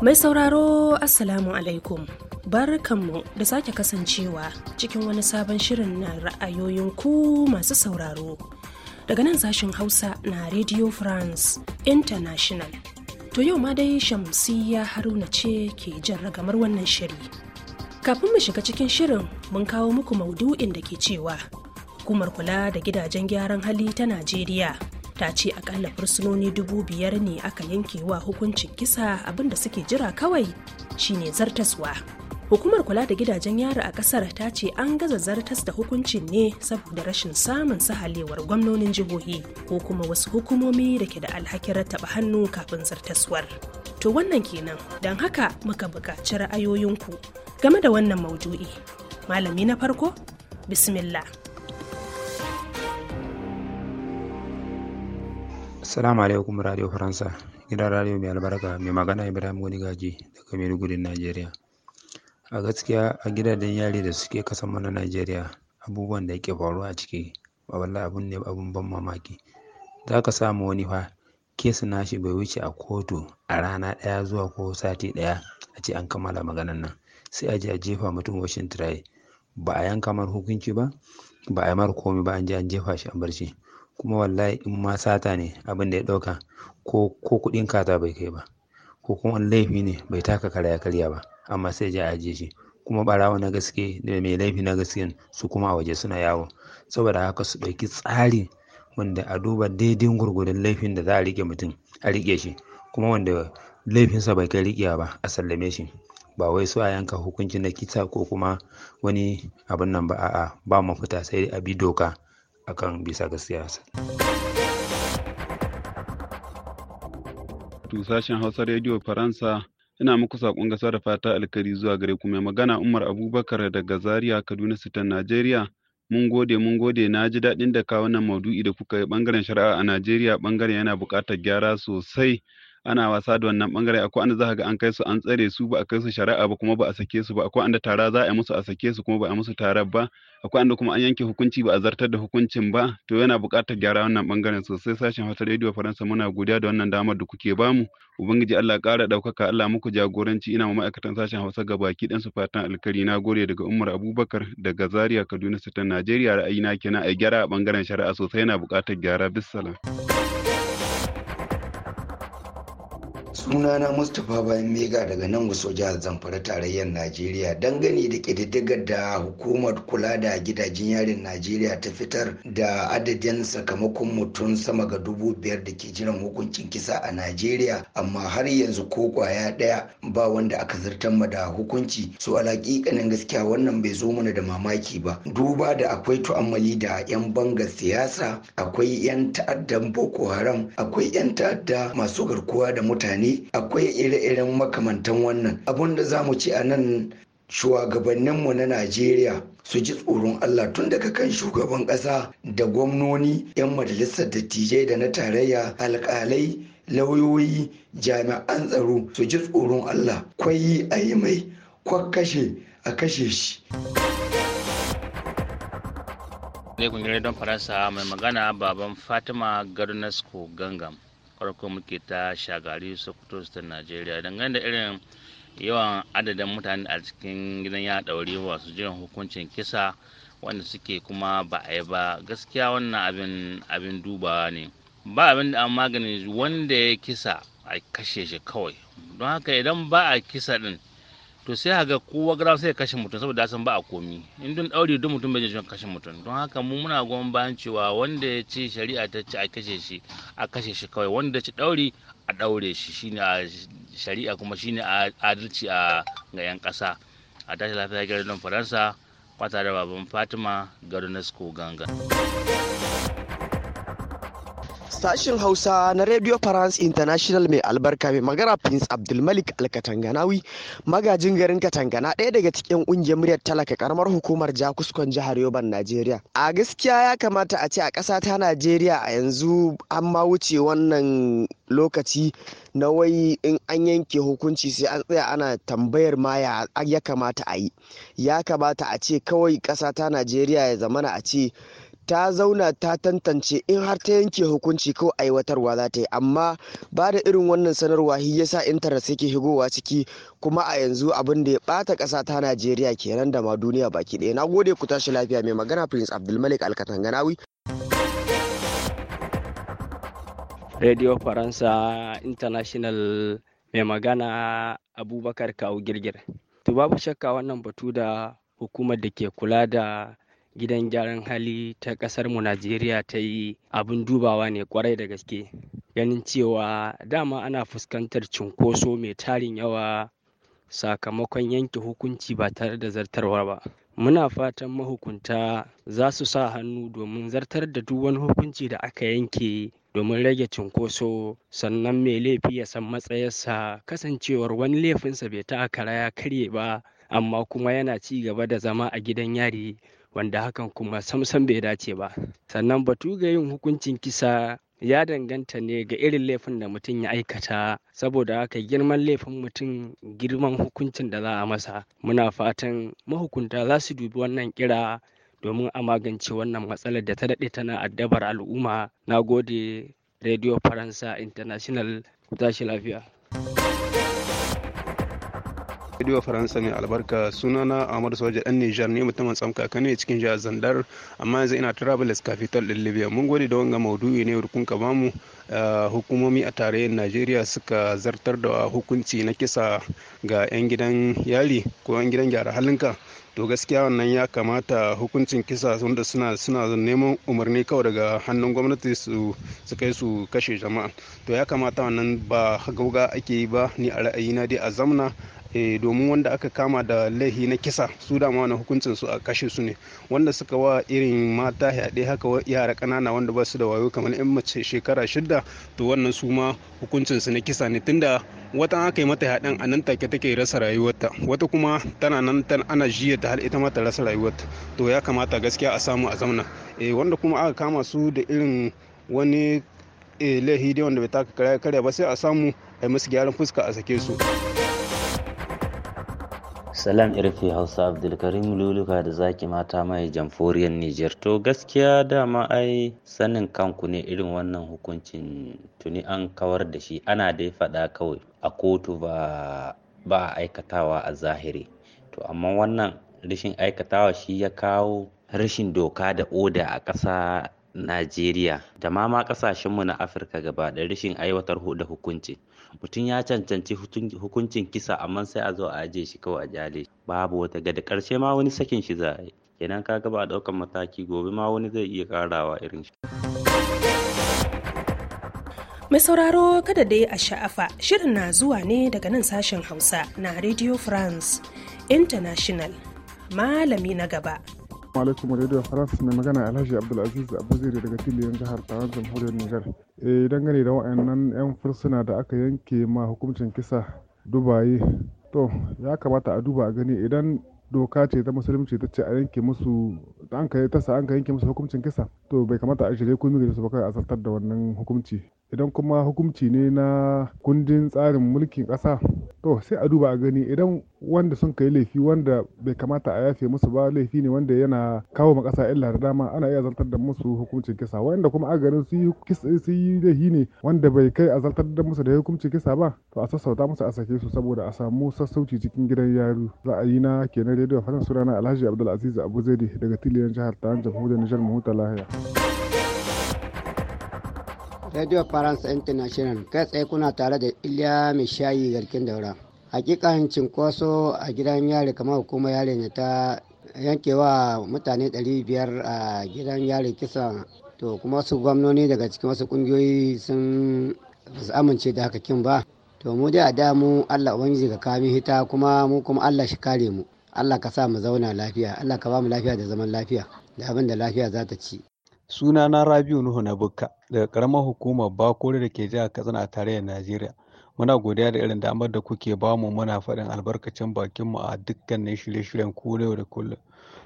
Mai sauraro Assalamu alaikum. Barkanmu da sake kasancewa cikin wani sabon shirin na ra'ayoyin ku masu sauraro. Daga nan sashen Hausa na Radio France International. To yau ma dai Shamsiyya Haruna ce ke jan ragamar wannan shiri. Kafin mu shiga cikin shirin mun kawo muku maudu'in da ke cewa hukumar kula da gidajen gyaran hali ta Najeriya ta ce akalla fursunoni dubu biyar ne aka yanke wa hukuncin kisa abinda suke jira kawai shine zartaswa hukumar kula da gidajen yari a kasar ta ce an gaza zartas da hukuncin ne saboda rashin samun sahalewar gwamnonin jihohi ko kuma wasu hukumomi da ke da alhakin rattaba hannu kafin zartaswar to wannan kenan don haka muka buƙaci ra'ayoyinku game da wannan maudu'i malami na farko bismillah Assalamu alaikum Radio Faransa, gidan radio mai albarka mai magana Ibrahim Wani Gaji daga Maiduguri, Najeriya. A gaskiya a gidajen yare da suke kasan mana Najeriya abubuwan da yake faruwa a ciki ba wallahi abun ne abun ban mamaki. Za ka samu wani fa kesu nashi bai wuce a kotu a rana ɗaya zuwa ko sati ɗaya a ce an kammala maganan nan sai a je a jefa mutum washin tirayi ba a yanka mar hukunci ba ba a yi mar komai ba an je an jefa shi an barci. kuma wallahi in ma sata ne abin da ya ɗauka ko kuɗin kaza bai kai ba ko kuma laifi ne bai taka kara ya karya ba amma sai ya ajiye shi kuma barawa na gaske da mai laifi na gaske su kuma a waje suna yawo saboda haka su ɗauki tsari wanda a duba daidai gurgurin laifin da za a rike mutum a rike shi kuma wanda laifinsa bai kai riƙewa ba a sallame shi ba wai su a yanka hukuncin na kisa ko kuma wani abin nan ba a'a ba mafita sai a bi doka akan bisa ga siyasa. To sashen Hausa Radio Faransa yana muku saƙon gasa da fata alkari zuwa gare ku mai magana Umar Abubakar daga Zaria Kaduna Sitan Najeriya. Mun gode mun gode na ji daɗin da kawo wannan maudu'i da kuka yi ɓangaren shari'a a Najeriya ɓangaren yana buƙatar gyara sosai. ana wasa da wannan bangare akwai anda za ga an kai su an tsare su ba a kai su shari'a ba kuma ba a sake su ba akwai anda tara za a yi musu a sake su kuma ba a musu tarar ba akwai anda kuma an yanke hukunci ba a zartar da hukuncin ba to yana buƙatar gyara wannan bangaren sosai sashen Hausa yadda Faransa muna godiya da wannan damar da kuke bamu ubangiji Allah ƙara ɗaukaka Allah muku jagoranci ina ma ma'aikatan sashen Hausa baki ɗan su fatan alkari na gode daga Umar Abubakar daga Zaria Kaduna Sitan Najeriya ra'ayi na kenan a gyara a bangaren shari'a sosai yana buƙatar gyara bisala sunana mustapha bayan mega daga nan wasu jihar zamfara tarayyar najeriya dangane da ƙididdigar da hukumar kula da gidajen yarin najeriya ta fitar da adadin sakamakon mutum sama ga dubu biyar da ke jiran hukuncin kisa a najeriya amma har yanzu ko kwaya ɗaya ba wanda aka zartar ma da hukunci su alaƙiƙanin gaskiya wannan bai zo mana da mamaki ba duba da akwai tu'ammali da 'yan banga siyasa akwai 'yan ta'addan boko haram akwai 'yan ta'adda masu garkuwa da mutane akwai ire-iren makamantan wannan abun da za mu ci a nan shugabanninmu na najeriya su ji tsoron allah tun daga kan shugaban ƙasa da gwamnoni 'yan majalisar dattijai da na tarayya alƙalai lauyoyi jami'an tsaro su ji tsoron allah kwayi a yi mai kwakkashe a kashe shi ne kungiyar don faransa mai magana baban fatima garnasko gangam farko muke ta shagari sokoto state nigeria dangane da irin yawan adadin mutane a cikin gidan ya dauri wasu jiran hukuncin kisa wanda suke kuma ba a yi ba gaskiya wannan abin abin dubawa ne ba abin da an magani wanda ya kisa a kashe shi kawai don haka idan ba a kisa din to sai ga kowa gara sai kashe mutum saboda san ba a komi in dun daure duk mutum bai jin kashe mutum don haka mu muna goyon bayan cewa wanda ya ci shari'a ta ci a kashe shi a kashe shi kawai wanda ya ci daure a daure shi shine a shari'a kuma shine a adalci a ga yan kasa a tashi lafiya garin faransa kwata da baban fatima garin ganga Sashin Hausa na Radio France International mai albarka mai magana Prince Abdulmalik Alkatanganawi magajin garin Katangana ɗaya daga cikin ƙungiyar muryar talaka karamar hukumar Jakuskon jihar Yoban Najeriya. A gaskiya ya kamata a ce a ƙasa ta Najeriya a yanzu an ma wuce wannan lokaci na wai in an yanke hukunci sai an tsaya ana tambayar ma ya ya kamata a yi. Ya kamata a ce kawai ƙasa ta Najeriya ya zamana a ce ta zauna ta tantance in har ta yanke hukunci ko aiwatarwa za ta yi amma ba da irin wannan sanarwa hi yasa intanet suke higowa ciki kuma a yanzu abin da ya bata ƙasa ta najeriya kenan da ma duniya baki ɗaya na gode ku tashi lafiya mai magana prince abdulmalik alkatanganawi radio faransa international mai magana abubakar kawu girgir to babu shakka wannan batu da hukumar da ke kula da gidan gyaran hali ta kasar mu najeriya ta yi abin dubawa ne kwarai da gaske ganin cewa dama ana fuskantar cunkoso mai tarin yawa sakamakon yanke hukunci ba tare da zartarwa ba muna fatan mahukunta za su sa hannu domin zartar da duk wani hukunci da aka yanke domin rage cunkoso sannan mai laifi ya san matsayarsa kasancewar wani laifinsa bai ta karaya ya karye ba amma kuma yana ci gaba da zama a gidan yari wanda hakan kuma samsam bai dace ba sannan batu ga yin hukuncin kisa ya danganta ne ga irin laifin da mutum ya aikata saboda haka girman laifin mutum girman hukuncin da za a masa muna fatan mahukunta za su dubi wannan kira domin a magance wannan matsalar da ta daɗe tana addabar al'umma na gode radio faransa international ku tashi lafiya radio faransa mai albarka sunana amadu soja dan nijar ne mutumin tsamkaka ne cikin jihar zandar amma yanzu ina travelers capital din libya mun gode da wanga maudu'i ne rukun ka bamu eh, hukumomi a tarayyar najeriya suka zartar da hukunci na kisa ga 'yan gidan yari ko 'yan gidan gyara halinka to gaskiya wannan ya kamata hukuncin kisa wanda suna suna neman umarni kawai daga hannun gwamnati su su kai su kashe jama'a to ya kamata wannan ba gauga ake yi ba ni a na dai a zamna Eh, domin wanda aka kama da laihi na kisa su dama wani hukuncin su a kashe su ne wanda suka wa irin mata yaɗe haka yara ƙanana wanda ba su da wayo kamar yan mace shekara shida to wannan su ma hukuncin su na kisa ne tunda wata aka yi mata yaɗen a nan take take rasa rayuwarta wata kuma tana nan tan ana jiya ta har ita ma ta rasa rayuwarta to ya kamata gaskiya a samu a zamna eh, wanda kuma aka kama su da irin wani eh, laihi dai wanda bai taka karya ba sai a samu a yi musu gyaran fuska a sake su. salam irfi hausa abdulkarim luluka da zaki mata mai jamforiyar niger to gaskiya dama ai sanin kanku ne irin wannan hukuncin tuni an kawar da shi ana dai faɗa kawai a kotu ba ba a aikatawa a zahiri to amma wannan rashin aikatawa shi ya kawo rashin doka da oda a ƙasa Najeriya da ma ma kasashenmu na Afirka gaba da rashin aiwatar da hukunci. Mutum ya cancanci hukuncin kisa amma sai a zo a ajiye shi kawai a jale babu wata gada ƙarshe ma wani sakin shi za a yi. Kenan ka gaba ɗaukan mataki gobe ma wani zai iya ƙarawa irin shi. Mai sauraro kada dai a sha'afa shirin na zuwa ne daga nan sashen Hausa na Radio France International. Malami na gaba alaikum radio faransa mai magana alhaji abdulaziz abuziri daga filiyan jihar taron jamhuriyar niger e eh, dangane da wa'annan yan fursuna da aka yanke ma hukuncin kisa dubaye to ya kamata a duba gani idan doka ce ta musulunci ta ce a yanke musu an ka tasa an ka yanke musu hukuncin kisa to bai kamata a shirye kun da su ba a zartar da wannan hukunci idan kuma hukumci ne na kundin tsarin mulkin kasa. to sai a duba a gani idan wanda sun kai laifi wanda bai kamata a yafe musu ba laifi ne wanda yana kawo ma ƙasa illa da dama ana iya zartar da musu hukuncin kisa wanda kuma a garin su yi laifi ne wanda bai kai a zartar da musu da hukuncin kisa ba to a sassauta musu a sake su saboda a samu sassauci cikin gidan yari ra'ayi na kenan rediyo faransa sunana alhaji abdulaziz abu zaidi daga tiliyan jihar ta jamhuriyar nijar mahuta lahiya. Radio France International kai tsaye kuna tare da Iliya mai shayi garkin daura. Hakikan cinkoso a gidan yari kamar hukumar yari ne ta yankewa mutane 500 a gidan yari kisa to kuma wasu gwamnoni daga cikin wasu kungiyoyi sun basu amince da haka hakakin ba to mu dai a da mu Allah ubangiji ka kami hita kuma mu kuma Allah shi kare mu Allah ka sa mu zauna lafiya Allah ka ba mu lafiya da zaman lafiya da abin da lafiya za ta ci Sunana Rabiu Nuhu na Bukka daga karamar hukumar Bakore da ke jihar Katsina a tarayyar Najeriya. Muna godiya da irin damar da kuke bamu muna faɗin albarkacin bakin mu a dukkanin shirye-shiryen yau da kullum.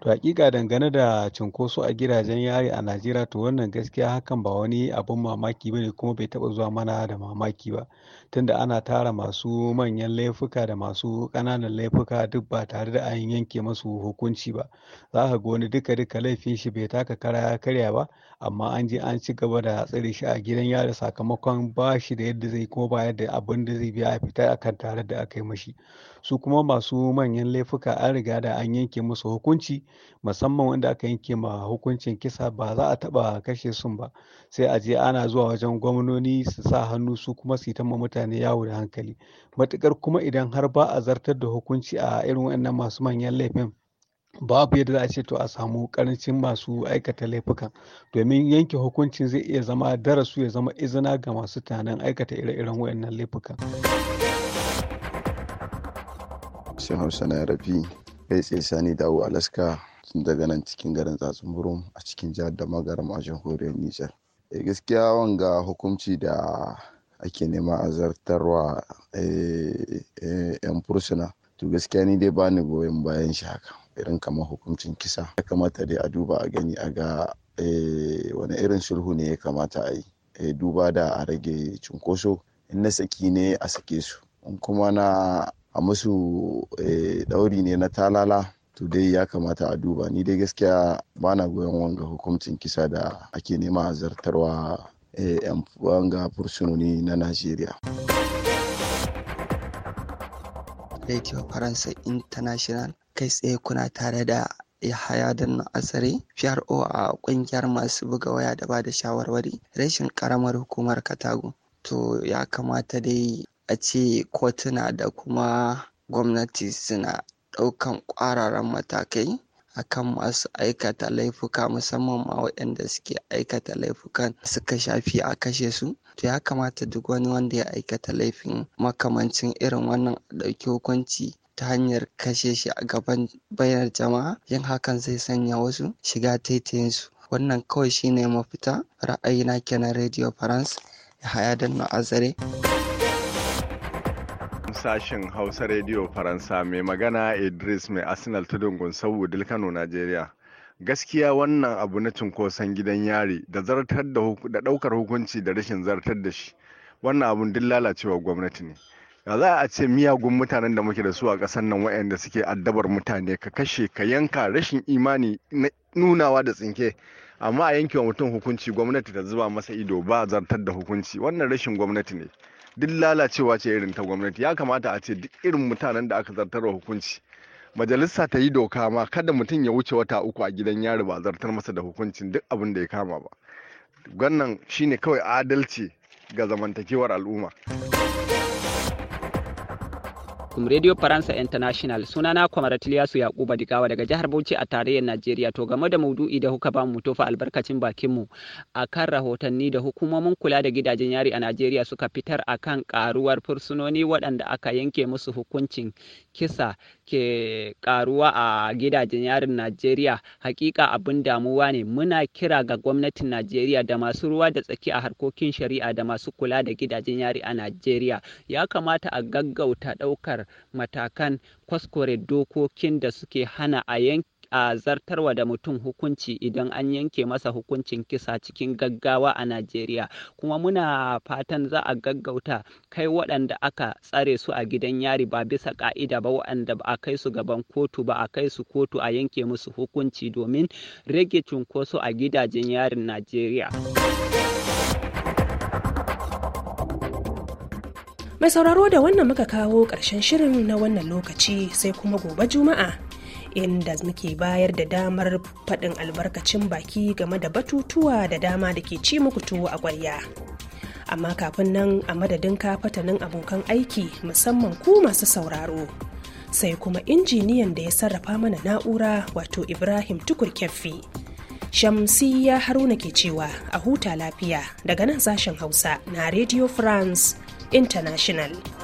To hakika dangane da cunkoso a gidajen yari a Najeriya to wannan gaskiya hakan ba wani abin mamaki ba ne kuma bai taɓa zuwa mana da mamaki ba. tunda ana tara masu manyan laifuka da masu ƙananan laifuka duk ba tare da an yanke masu hukunci ba za ka ga wani duka duka laifin shi bai taka kara ya karya ba amma an je an ci gaba da tsare shi a gidan yari sakamakon ba shi da yadda zai ko ba da abin da zai biya a fita akan tare da aka yi mashi su kuma masu manyan laifuka an riga da an yanke musu hukunci musamman wanda aka yanke ma hukuncin kisa ba za a taba kashe sun ba sai a je ana zuwa wajen gwamnoni su sa hannu su kuma su yi ta mutane mutane yawo da hankali matukar kuma idan har ba a zartar da hukunci a irin wannan masu manyan laifin babu yadda za a ce to a samu karancin masu aikata laifukan domin yanke hukuncin zai iya zama darasu ya zama izina ga masu tunanin aikata ire-iren wayannan laifukan. sai hausa na rafi kai tsaye sani dawo alaska sun daga nan cikin garin tsatsun a cikin jihar da magaram a jamhuriyar nijar eh, gaskiya wanga hukunci da ake nema a zartarwa yan eh, eh, fursuna to gaskiya ni dai bani goyon bayan shi haka irin kamar hukuncin kisa ya kamata dai a duba a gani a ga eh, wani irin sulhu ne ya kamata a yi duba da a rage cunkoso in na saki ne a sake su in kuma na a musu ɗauri ne na talala to dai ya kamata a duba ni dai gaskiya bana goyon wanga hukuncin kisa da ake nema a zartarwa yan ga fursunoni na najeriya radio faransa international kai tsaye kuna tare da Yahaya Danno Asare, PRO a ƙungiyar masu buga waya da ba da shawarwari, rashin karamar hukumar Katago. To ya kamata dai a ce kotuna da kuma gwamnati suna ɗaukan ƙwararan matakai akan masu aikata laifuka musamman ma waɗanda suke aikata laifukan suka shafi a kashe su to ya kamata duk wani wanda ya aikata laifin makamancin irin wannan a ɗauki hukunci ta hanyar kashe shi a gaban bayar jama'a yin hakan zai sanya wasu shiga taitayinsu wannan kawai shine mafita ra'ayina kenan radio france ya haya don azare. sashen Hausa Radio Faransa mai magana Idris mai Arsenal ta tudun Gunsawu kano Najeriya. Gaskiya wannan abu na cunkoson gidan yari da zartar da ɗaukar hukunci da rashin zartar da shi. Wannan abun duk lalacewa gwamnati ne. Ya za a ce miyagun mutanen da muke da su a kasar nan waɗanda suke addabar mutane ka kashe ka yanka rashin imani nunawa da tsinke. amma a yankewa mutum hukunci gwamnati ta zuba masa ido ba zartar da hukunci wannan rashin gwamnati ne duk lalacewa ce irin ta gwamnati ya kamata a ce duk irin mutanen da aka zartar zartarwa hukunci majalisa ta yi doka ma kada mutum ya wuce wata uku a gidan yari ba zartar masa da hukuncin duk abin da ya kama ba wannan shine kawai adalci ga zamantakewar al'umma. alaikum Radio Faransa International sunana Kwamar Tiliyasu Yakuba Digawa daga jihar Bauchi a tarayyar Najeriya to game da maudu'i da kuka ba mu tofa albarkacin bakin mu kan rahotanni da hukumomin kula da gidajen yari a Najeriya suka fitar a kan karuwar fursunoni waɗanda aka yanke musu hukuncin kisa ke karuwa a gidajen yarin Najeriya hakika abin damuwa ne muna kira ga gwamnatin Najeriya da masu ruwa da tsaki a harkokin shari'a da masu kula da gidajen yari a Najeriya ya kamata a gaggauta ɗaukar matakan kwaskware dokokin da suke hana a a zartarwa da mutum hukunci idan an yanke masa hukuncin kisa cikin gaggawa a Najeriya kuma muna fatan za a gaggauta kai waɗanda aka tsare su a gidan yari ba bisa ka'ida ba waɗanda ba a kai su gaban kotu ba a kai su kotu a yanke musu hukunci domin rage cunkoso a gidajen yarin Najeriya. mai sauraro da wannan muka kawo ƙarshen shirin na wannan lokaci sai kuma gobe juma'a inda muke bayar da damar faɗin albarkacin baki game da batutuwa da dama da ke ci muku tuwo a ƙwarya. Amma kafin nan a madadin kafatanin abokan aiki musamman ku masu sauraro. Sai kuma injiniyan da ya sarrafa mana na'ura wato Ibrahim Tukur shamsi ya Haruna ke cewa a huta lafiya daga nan sashen Hausa na Radio France International.